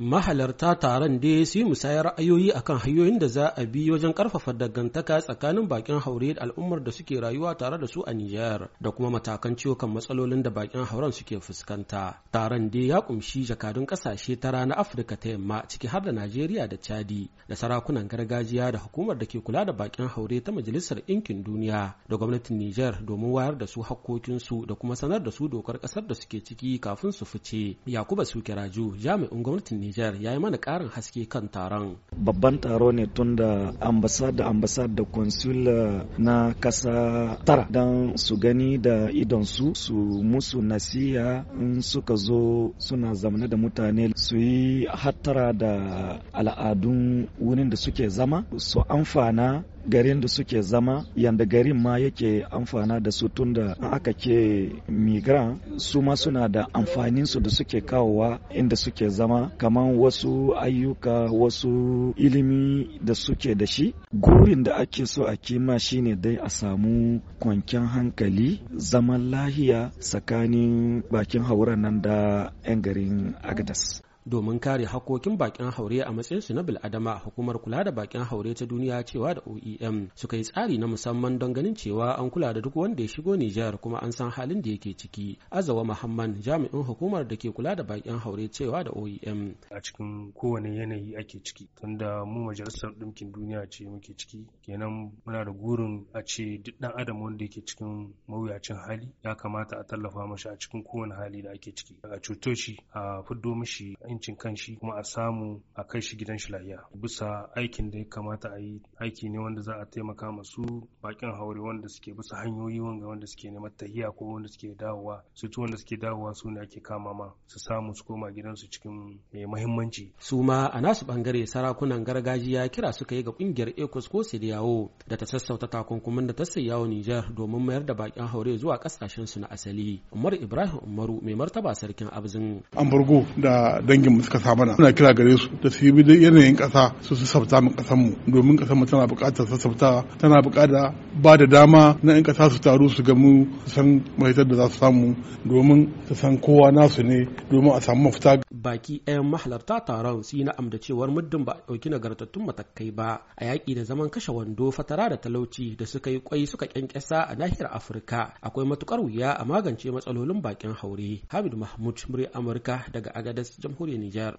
Mahalarta taron da su musayar ra'ayoyi akan hanyoyin da za a bi wajen ƙarfafa dangantaka tsakanin bakin haure da al'ummar da suke rayuwa tare da su a Nijar da kuma matakan ciwo kan matsalolin da bakin hauren suke fuskanta. Taron da ya kumshi jakadun ƙasashe tara na Afirka ta Yamma ciki har da Najeriya da Chadi da sarakunan gargajiya da hukumar da ke kula da bakin haure ta Majalisar Ɗinkin Duniya da gwamnatin Nijar domin wayar da su hakkokinsu da kuma sanar da su dokar ƙasar da suke ciki kafin su fice. Yakuba Sukiraju jami'in gwamnatin Nijar ya yi mana ƙarin haske kan taron. Babban taro ne tun da ambasada ambasada da consul na kasa tara don su gani da idonsu su musu nasiya in suka zo suna zamana da mutane su yi hattara da al'adun wurin da suke zama su amfana garin da suke zama yanda garin ma yake amfana da su tun da aka ke migran su ma suna da amfaninsu da suke kawowa inda suke zama kamar kaman wasu ayyuka wasu ilimi da suke da shi gurin da ake so a kima shine dai a samu kwanken hankali zaman lahiya tsakanin bakin hauren nan da 'yan garin agadas domin kare hakokin bakin haure a matsayin su na bil'adama hukumar kula da bakin haure ta duniya cewa da OEM suka yi tsari na musamman don ganin cewa an kula da duk wanda ya shigo Nijar kuma an san halin da yake ciki. Azawa Muhammad jami'in hukumar da ke kula da bakin haure cewa da OEM. A cikin kowane yanayi ake ciki tunda mu majalisar dinkin duniya ce muke ciki kenan muna da gurin a ce duk ɗan adam wanda yake cikin mawuyacin hali ya kamata a tallafa mashi a cikin kowane hali da ake ciki a cuto a fiddo mishi incin kanshi kuma a samu a kai shi gidan shi lahiya bisa aikin da ya kamata a yi aiki ne wanda za a taimaka masu bakin haure wanda suke bisa hanyoyi wanga wanda suke neman tahiya ko wanda suke dawowa su wanda suke dawowa su ne ake kama ma su samu su koma gidan su cikin eh, muhimmanci su ma a nasu bangare sarakunan gargajiya kira suka yi ga kungiyar ecos ko sediyawo da ta sassauta takunkumin da ta sayawo nijar domin mayar da bakin haure zuwa kasashen su na asali umar ibrahim umaru mai martaba sarkin abzin ambargo da dangi dangin mu suka samu na muna kira gare su da su bi yanayin ƙasa su su sabta mu ƙasar mu domin ƙasar mu tana bukatar sabta tana bukatar ba da dama na 'yan ƙasa su taru su gamu su san mahaifar da za su samu domin su san kowa nasu ne domin a samu mafita. Baki 'yan mahalarta taron su yi na'am da cewar muddin ba a ɗauki nagartattun matakai ba a yaƙi da zaman kashe wando fatara da talauci da suka yi kwai suka ƙyanƙyasa a nahiyar Afirka akwai matukar wuya a magance matsalolin bakin haure. Hamid Mahmud, murya Amurka daga agadas Jamhuriyar Nijar.